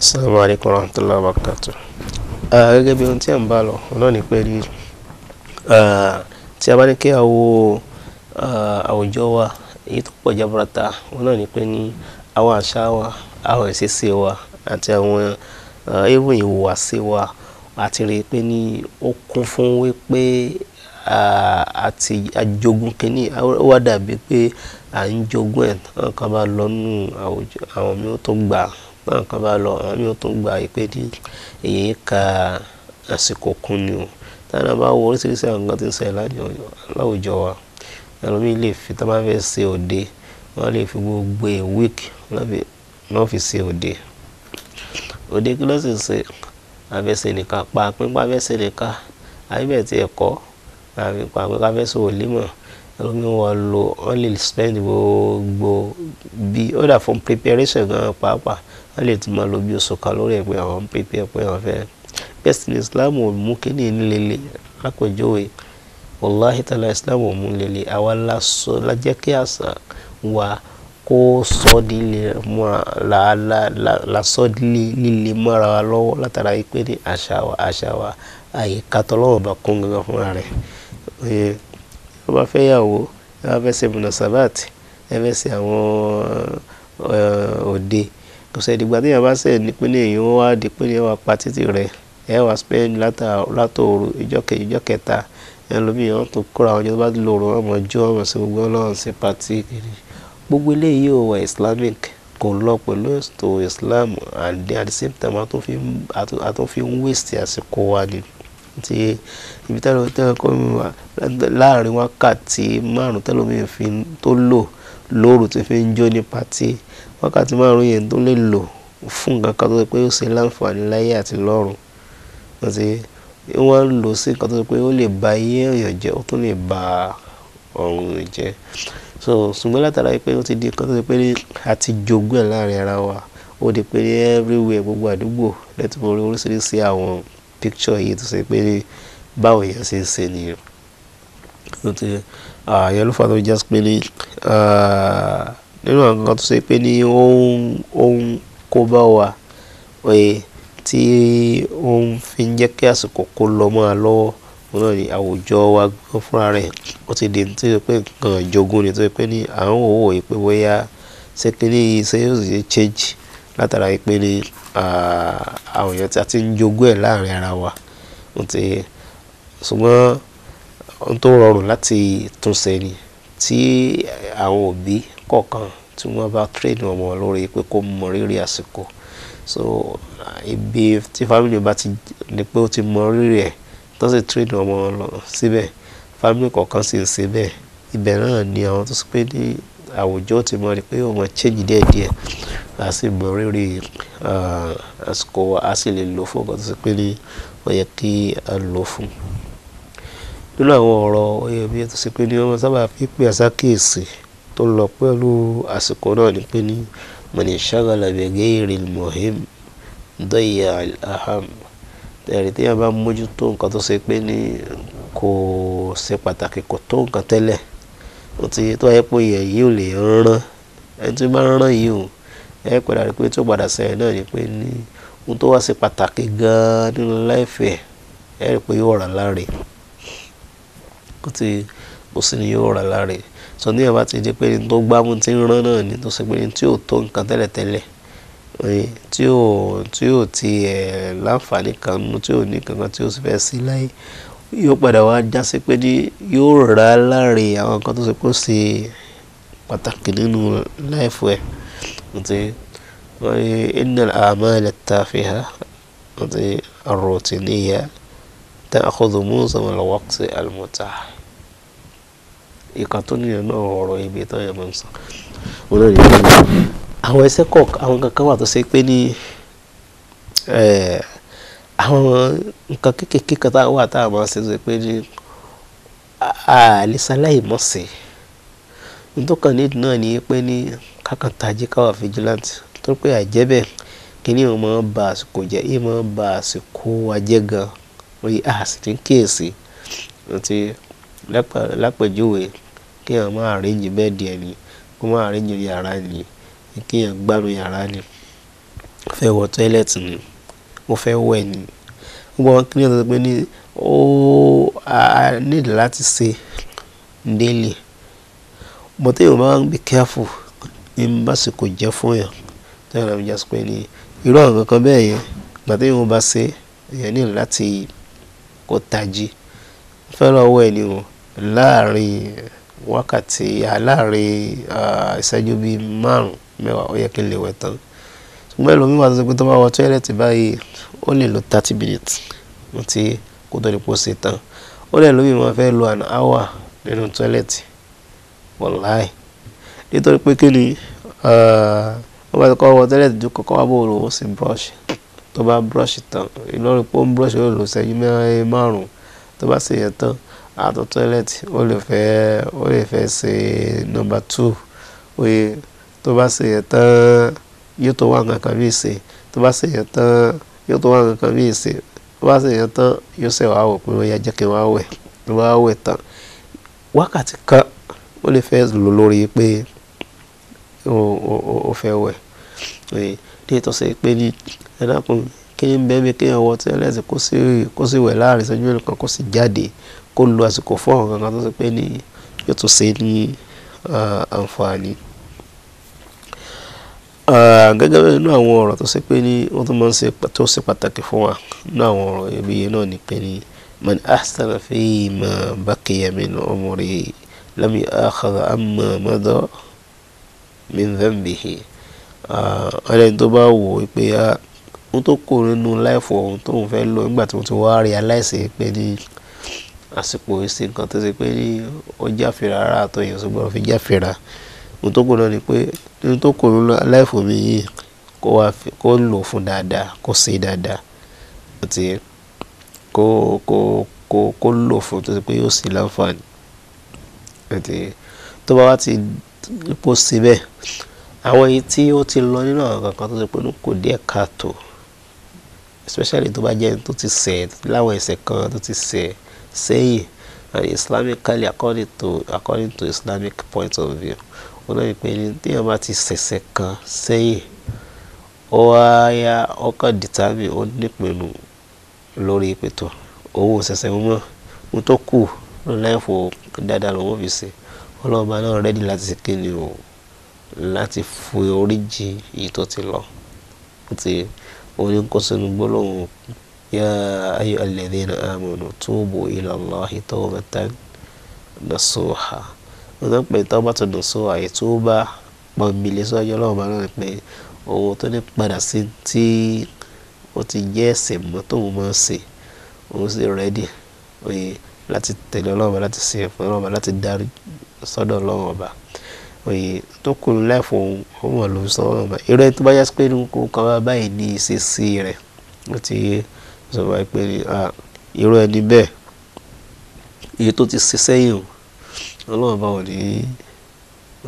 Assalamu alaikum warahmatullahi wabarakatuh. Ah, gẹ́gẹ́ bí ohun tí à ń bá lọ ọ̀nà ní pé rí ah, tí a bá ní kí a wo ah, àwùjọ wa èyí tó pọ̀ jaburata ọ̀nà ní pé ní àwọn àṣà wa àwọn ìṣesí wa àti àwọn ewu ìhùwàsí wa láti rí i pé ní ó kún fún wípé àti àjogún kínní ó wá dàbí pé à ń jogún ẹ̀ náà kan bá lọ nù àwùjọ àwọn mi ò tó gbà náà kan bá lọ àwọn mi ò tó gbà pé ní èyí ka àsìkò kún ni o táwọn bá wo oríṣiríṣi àwọn nǹkan tí ń ṣẹlẹ̀ láwùjọ wa ẹlòmíì lè fi tó bá fẹ́ ṣe òde wọ́n lè fi gbogbo ẹ̀ wíìkì wọ́n òde òde kí ló sì ṣe afẹsẹ̀lẹ̀ka pa pínpá afẹsẹ̀lẹ̀ka ayébẹ̀tì ẹ̀kọ́ pa pínpá afẹsẹ̀ òlímọ̀ ẹlòmíì wọn lo wọn lè spend gbogbo bí ó dà fún preparation gan pàápàá wọn lè tún máa lo bí oṣù kan lórí ẹ̀ pé àwọn ń prepare pé àwọn fẹ́ bẹ́ẹ̀ sì ni Islam ò mú kíní nílele lápèjúwe wàláhìtàlá Islam ò mú nílele àwa la sọ la jẹ́ kí wa kó sọ di líle mọ́ra la la la la sọ di líle mọ́ra wa lọ́wọ́ látara yìí ní àṣà wa àṣà wa àyè katọ́ lọ́wọ́ bá kún gangan fúnra rẹ̀ oye tó bá fẹ́ yàwó ẹ bá fẹ́ ṣe mùnà sabat ẹ fẹ́ ṣe àwọn òde kò sẹ́ ìdìgbà tí yàrá bá sẹ̀ ní pé ní èyí wọ́n wá di pé ní ẹ wà pa títì rẹ̀ ẹ wà spend látòru ìjọ kejì ìjọ kẹta ẹlòmíràn tó kóra àwọn ọjọ́ bá lòrò wọn mọ̀ jó wọn sí gbogbo ọlọ́run sí pàtí kiri gbogbo eléyìí ò wà islamic kò lọ pẹ̀lú ètò islam and then at the same time a tún fi ń waste àsìkò wa ni ti ibi tẹ́lẹ̀ tẹ́lẹ̀ kọ́ mi wà láàrin wákàtí márùn tẹ́lómi fi tó lò lóru tó fi ń jó ní pàtí wákàtí márùn yẹn tó lè lò fún nǹkan kan tó ṣe pé ó ṣe láǹfààní láyé àti lọ́run àti wọ́n ń lò sí nǹkan tó ṣe pé ó lè ba ayé èèyàn jẹ́ ó tún lè ba ọ̀run jẹ́ so ṣùgbọ́n látara pé ó ti di kan tó ṣe pé a ti jogún ẹ̀ láàrin ara wa ó di pé everywhere gbogbo àdúgbò lẹ́tí mo rí oríṣiríṣi àwọn picture yìí tó ṣe pé báwo èèyàn ṣe ń ṣe nìyẹn àyẹ̀lú fa jẹ́ pé nínú àwọn kan tó ṣe pé ní ó ń kó bá wa tí ó ń fi jẹ́ kí àsìkò kó lọ mọ́ a lọ́wọ́ òun náà ni àwùjọ wa gan fúnra rẹ̀ ó ti di tó yẹ pé nǹkan ìjogún ni tó yẹ pé ní à ń wò bóyá ṣé kíní yìí yóò ṣe change látara pé ní àwọn èèyàn tí a ti ń jogún ẹ̀ láàrin ara wa ti ṣùgbọ́n ohun tó rọrùn láti túnṣe ni tí àwọn òbí kọ̀ọ̀kan tí wọ́n bá train ọmọ lórí pé kó mọ rírì àsìkò so ibi tí family bá ti ní pé ó ti mọ rírì ẹ̀ tó sì train ọmọ lọ síbẹ̀ family kọ̀ọ̀kan sì ń ṣe bẹ́ẹ̀ ibẹ̀ náà ni àwọn tó sọ pé ní àwùjọ ti mọ̀ rí pé ó mọ̀ change díẹ̀díẹ̀ a sì mọ rírì àsìkò a sì lè lò fún ọkọ̀ tó sọ pé ní ó yẹ kí a lò fún. nínú àwọn ọ̀rọ̀ oyèmí tó sọ pé ní ọmọ sábà pípẹ́ àsákèèsì tó lọ pẹ̀lú àsìkò náà ni pé ní man ishaghala bi ghayril muhim dayya al ẹ̀rí tí yẹn bá mójútó nǹkan tó ṣe pé ní kò ṣe pàtàkì kò tó nǹkan tẹ́lẹ̀ ó ti tó ẹ pé ìyẹn yìí ò lè rán ẹni tí máa ń rán yìí o ẹ padà rí pé tí ó padà sẹ́yìn náà ni pé ní ohun tó wá ṣe pàtàkì gan-an nínú láìfẹ́ ẹ rí pé yóò rà láre ó ti kò sí ni yóò rà láre sọ ní ẹ̀ bá ti di pé ní tó gbámú ti ń rán náà ni tó ṣe pé ní tí ò tó nǹkan tẹ́lẹ̀ tẹ́lẹ̀ tí ò tí ò ti ẹ̀ láǹfààní kan nu tí ò ní kankan tí ò sì fẹ́ sí láyé yóò padà wá jásí pé ní yóò rà á láre àwọn nǹkan tó ṣe kó ṣe pàtàkì nínú láìfọ ẹ̀ àti wọ́n yé innal a'mala tafiha àti ar-rutiniyya ta'khudhu mu'zama al-waqt al-mutah ìkan tó níyẹn náà ọ̀rọ̀ ibi tó yẹ mọ́ sọ àwọn ẹsẹ̀ kọ̀ọ̀kan àwọn kankan wà tó ṣe pé ní àwọn nǹkan kéékèèké kan táwọn wà táwọn máa ṣe tó ṣe pé ní àlìsàláì mọ̀ sí nítòkàn nídìí náà ni pé ní kákan tají káwà vigilant tó pé àìjẹ́ bẹ́ẹ̀ kíní ò máa ń ba àsìkò jẹ́ ì máa ba àsìkò ajẹ́ gan oye àsìkò kíyèsí àti lápẹ̀júwe kí wọ́n máa arrange bẹ́ẹ̀dì ẹni kó máa arrange yàrá ẹni ni kí èèyàn gbádùn yàrá ni. Mo fẹ́ wọ toilet ni, mo fẹ́ wẹ̀ ni. Gbogbo àwọn kíni tó ṣe pé ní ó a need láti ṣe daily. But tí èèyàn bá be careful ní básìkò jẹ́ fún èèyàn, tí èèyàn bá fi jásí pé ní irú àwọn nǹkan bẹ́ẹ̀ yẹn, ìgbà tí èèyàn bá ṣe, èèyàn need láti kó tají. Mo fẹ́ lọ wẹ̀ ni o láàárín wákàtí, láàárín ìṣẹ́jú bí márùn-ún mẹ́wàá ó yẹ kí n lè wẹ̀ tán ṣùgbọ́n ẹlòmíì wà tó ṣe tó bá wọ tọ́ẹ̀lẹ̀tì báyìí ó lè lo thirty minutes ti kó tó di pò ṣe tán ó lè lómi wọn fẹ́ lo an hour nínú tọ́ẹ̀lẹ̀tì wọ̀láì nítorí pé kí ni ah, wọ́n bá ti kọ́ wọ tọ́ẹ̀lẹ̀tì ju kọ́kọ́ wá bò ó lòún brush tó bá brush tán ìlọrin pé ń brush ó lò sẹ́yìn márùn-ún tó bá ṣe yẹn tán àtọ̀ tọ́ẹ̀lẹ̀tì ó lè fẹ́ ṣe number two ó tó bá ṣe yẹn tán yóò tó wá nǹkan kan bí ìsìn tó bá ṣe yẹn tán yóò tó wá nǹkan kan bí ìsìn tó bá ṣe yẹn tán yóò ṣe wàá wò pé wọ́n yá jẹ́ kí wọ́n á wẹ̀ wọ́n á wẹ̀ tán wákàtí kan ó lè fẹ́ lò lórí pé ó fẹ́ wẹ̀ ní ìtọ́sẹ̀ pé ní ẹ̀dàkùn kí n bẹ́ẹ̀ mi kí n wọ tẹ́lẹ̀sì kó sì wẹ̀ láàrin ìṣẹ́jú nìkan kó sì jáde kó lo àsìkò fún ọ̀hún kankan tó ṣe pé ní yóò tún ṣe ní àǹfààní gẹ́gẹ́ bẹ́ẹ̀ nínú àwọn ọ̀rọ̀ tó ṣe pé ní wọ́n tún máa ń ṣe tó ṣe pàtàkì fún wa nínú àwọn ọ̀rọ̀ iyebíye náà ni pé ní man ahsana fi ma baqiya min umri lam yu'akhadh amma madha min dhanbihi ẹlẹ́ni tó bá wò ó pé ó tó kò nínú láìfọ̀ ohun tó ń fẹ́ lò nígbà tí wọ́n ti wá rí aláìsí pé ní àsìkò ìsìn kan tó ṣe pé ní ó jáfèrè ara àtọyìn ṣùgbọ́n ó fi jáfèrè ohun tó kù náà ni pé ohun tó kù nínú láìfò mi yìí kó wá kó lò fún dáadáa kó ṣe dáadáa ó ti kó kó kó kó lò fún tó ti pé yóò ṣe láǹfààní ó ti tó bá wá ti pò sí bẹ́ẹ̀ àwọn èyí tí ó ti lọ nínú àwọn kankan tó ti pé kò díẹ̀ káàtó especially tó bá jẹ́ tó ti ṣẹ̀ láwọn ẹ̀ṣẹ̀ kan tó ti ṣẹ̀ sẹ́yìn and islamically according to according to islamic point of view wọn náà pé téèyàn bá ti ṣẹ̀ṣẹ̀ kan sẹ́yìn ó wá yá ọkàn dìtàmì ó nípinnu lórí ìpètò owó ṣẹ̀ṣẹ̀ mọ́ mo tó kù lẹ́fọ̀ dáadáa lòun fi ṣe ọlọ́ọ̀bá náà rẹ́dí láti ṣe kíni o láti fi oríjì yìí tó ti lọ ti oníkóṣinú gbólóhùn yá ayyuhal ladhina amanu tubu ila Allahi tawbatan nasuha ó tó pé tọ́ba tó dùn sọ àyè tó bá pọ̀nbìlì sọ́jọ́ ọlọ́run bá náà pé owó tó ní padà sí tí ó ti jẹ́ ẹ̀sìn mọ́ tóun máa ń ṣe òun sì rẹ́dì òye láti tẹ̀lé ọlọ́run bá láti ṣe ẹ̀fọ́ ọlọ́run bá láti darí sọ́dọ̀ ọlọ́run ọba òye tó kù láìfọ òun mọ̀ ló ń sọ ọlọ́run ọba irú ẹ tó bá yá pé kó kan bá báyìí ní ìṣesí rẹ̀ ó ti sọ wáyé pé irú ẹni bẹ́ẹ̀ iye tó ti ṣe sẹ́yìn o ọlọ́run bá wọlé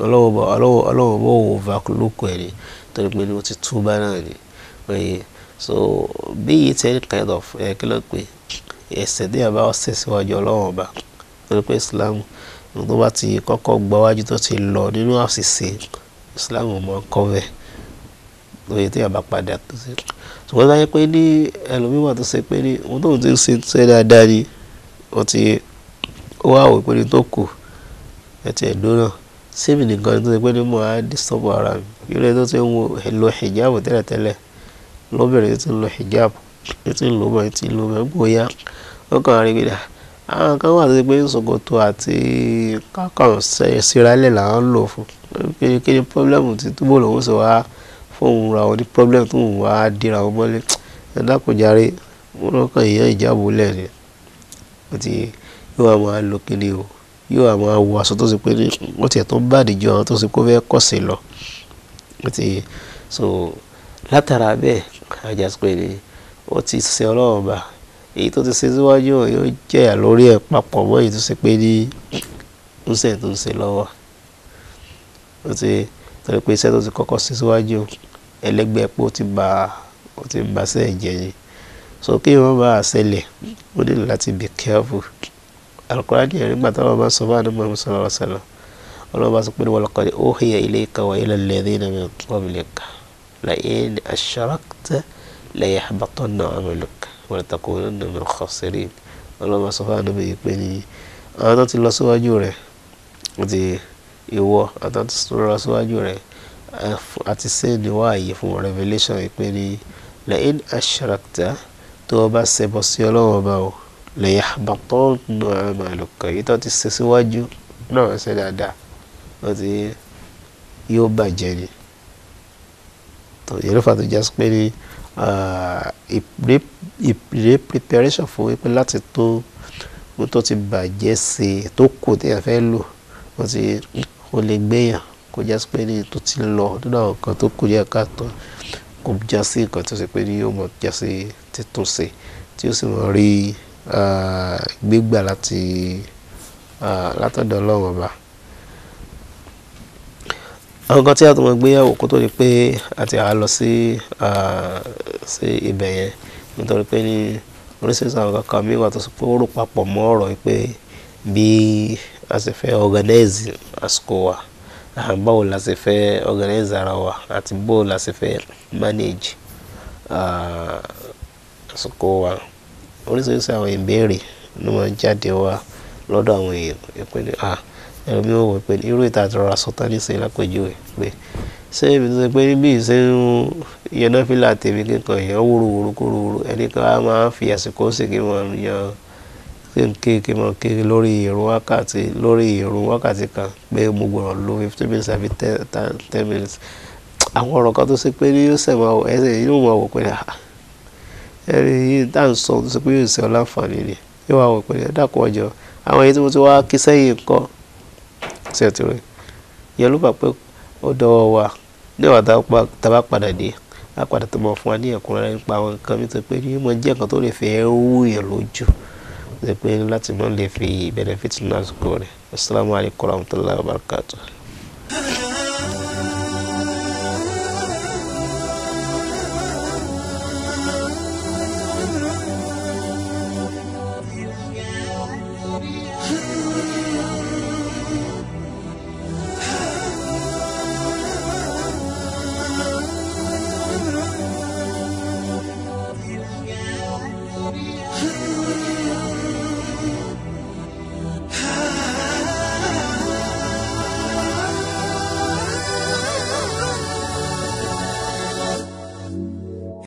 ọlọ́run bá ọlọ́run bá wọ vakulóko ẹ̀ ni torí pé ó ti túbá náà ni oye so bí yìí ti ẹni kind of ẹ kí ló pé ẹsẹ̀ díẹ̀ bá ọ̀sẹ̀ síwájú ọlọ́run torí pé Islam tó bá ti kọ́kọ́ gba wájú tó ti lọ nínú àṣìṣe Islam mọ kọ́vẹ̀ lóye tí yàrá padà tó ṣe ṣùgbọ́n láyé pé ní ẹlòmíwà tó ṣe pé ní òun tóun ti ń ṣe dáadáa ni ó ti ó wá wò pé ní tó kù ẹtì ẹ̀dó náà síbi nìkan ni tó ṣe pé ní mo á disturb ara mi yóò tó ti ń wo lo hijab tẹ́lẹ̀tẹ́lẹ̀ lóbìnrin ti ń lo hijab ti ń lo mọ́ ti ń lo mọ́ bóyá wọ́n kàn á rí gbéra àwọn kan wà tó ṣe pé ní ṣòkòtò àti kákan ṣẹ̀ṣirálẹ̀ làwọn ń lò fún kí ni pọ́blẹ́mù ti túbọ̀ lòun ṣe wá fóun ra òun ní pọ́blẹ́mù tó ń wá dira òun mọ́lẹ̀ ẹ̀dá kò járe wọ́n lọ́kàn ìyá ìjábọ̀ lẹ́ẹ̀ni àti yóò wá máa lo kíni o yóò wá máa wọ aṣọ tó ṣe pé wọ́n tiẹ̀ tó bá àdìjọ àwọn tó ṣe pé ó fẹ́ kọ̀sìn lọ ti so látara bẹ́ẹ̀ ajá sọ pé ni ó ti ṣe ọlọ́run bá èyí tó ti ṣe síwájú ọ̀ yóò jẹ̀yà lórí ẹ̀ papọ̀ mọ́ èyí tó ṣe pé ní ń ṣe tó ṣe lọ́wọ́ ó ti torí pé iṣẹ́ tó ti kọ́kọ́ ṣe síwájú ẹlẹ́gbẹ́ pé ó ti bà ó ti bà sẹ́ẹ̀ jẹ́ yìí so kí wọ́n bá a ṣẹlẹ̀ ó nílò láti be careful alukurani ẹ̀rí gbàtà wọn bá sọ bá ní mọ̀mú sọ̀rọ̀ ọ̀sẹ̀lọ̀ ọlọ́run bá sọ pé wọ́n lọ́kọ́ ní uhiya ilayka wa ila alladhina min qablika la in ashrakta la yahbatanna amaluka wa la takunanna min al-khasirin ọlọ́run bá sọ fún àná bẹ́ẹ̀ pé ní àwọn tó ti lọ síwájú rẹ̀ àti ìwọ àtàwọn tó lọ síwájú rẹ̀ àti sẹ́ni wá àyè fún revelation ìpè ní la in ashrakta tó o bá ṣẹbọ sí ọlọ́run ọba o lè yàgbàtọ́ nù àmàlùkọ̀ yìí tó ti ṣe síwájú náà ṣe dáadáa wọ́n ti yóò bàjẹ́ ni tó yẹ ló fà tó jásí pé ní ìpìlẹ̀ preparation fún wípé láti tó tó ti bàjẹ́ sí i tó kù tí a fẹ́ lò wọ́n ti ó lè gbéyàn kó jásí pé ní tó ti lọ nínú àwọn nǹkan tó kù yẹ ká tán kó jásí nǹkan tó ṣe pé ní yóò mọ̀ jásí títúnṣe tí ó sì mọ̀ rí i gbígbà láti látọ̀dọ̀ ọlọ́run ọba àwọn kan tí a tó mọ gbéyàwó kó tó di pé àti àá lọ sí sí ibẹ̀ yẹn nítorí pé ní oríṣiríṣi àwọn kankan mi wà tó sọ pé ó rò papọ̀ mọ́ ọ̀rọ̀ pé bí a sì fẹ́ organize àsìkò wa báwo la sì fẹ́ organize ara wa àti báwo la sì fẹ́ manage àsìkò wa. Uh, oríṣiríṣi àwọn ìbéèrè ló máa ń jáde wá lọ́dọ̀ àwọn èèyàn pé ní à ẹlòmí ò wò pé irú ìta àtọ̀rọ̀ àsọtán ní sẹ́yìn lápèjúwe pé ṣé èmi tó ṣe pé bí ìṣe ń yẹn náà fìlà tèmi kíkan èèyàn wúruwúru kúruwúru ẹni kan á máa fi àsìkò sì kí wọ́n yan kéèké mọ kéèké lórí ìrun wákàtí lórí ìrun wákàtí kan pé mo gbọ́dọ̀ lo fifteen minutes àbí ten minutes àwọn ọ̀rọ̀ kan tó ṣe pé ní yóò ṣẹ̀ máa wò ẹsẹ̀ yóò máa wò pé ah ẹrí yìí dá ń sọ tó sọ pé yóò ṣe ọ láǹfààní ni yóò wá wọ pé dákun ọjọ́ àwọn èyí tí mo ti wá kí sẹ́yìn nǹkan ṣètò rẹ yẹn ló bà pé ó dọwọ́ wa níwà tábà padà dé a padà tó mọ fún wa ní ẹ̀kúnrẹ́rẹ́ nípa àwọn nǹkan mi tó pé ní mo jẹ́ nǹkan tó lè fi ẹrú yẹn lójú tó pé láti mọ lè fi benefit náà sùkúrò rẹ asalaamualeykum wa rahmatulahi wa barakatuh.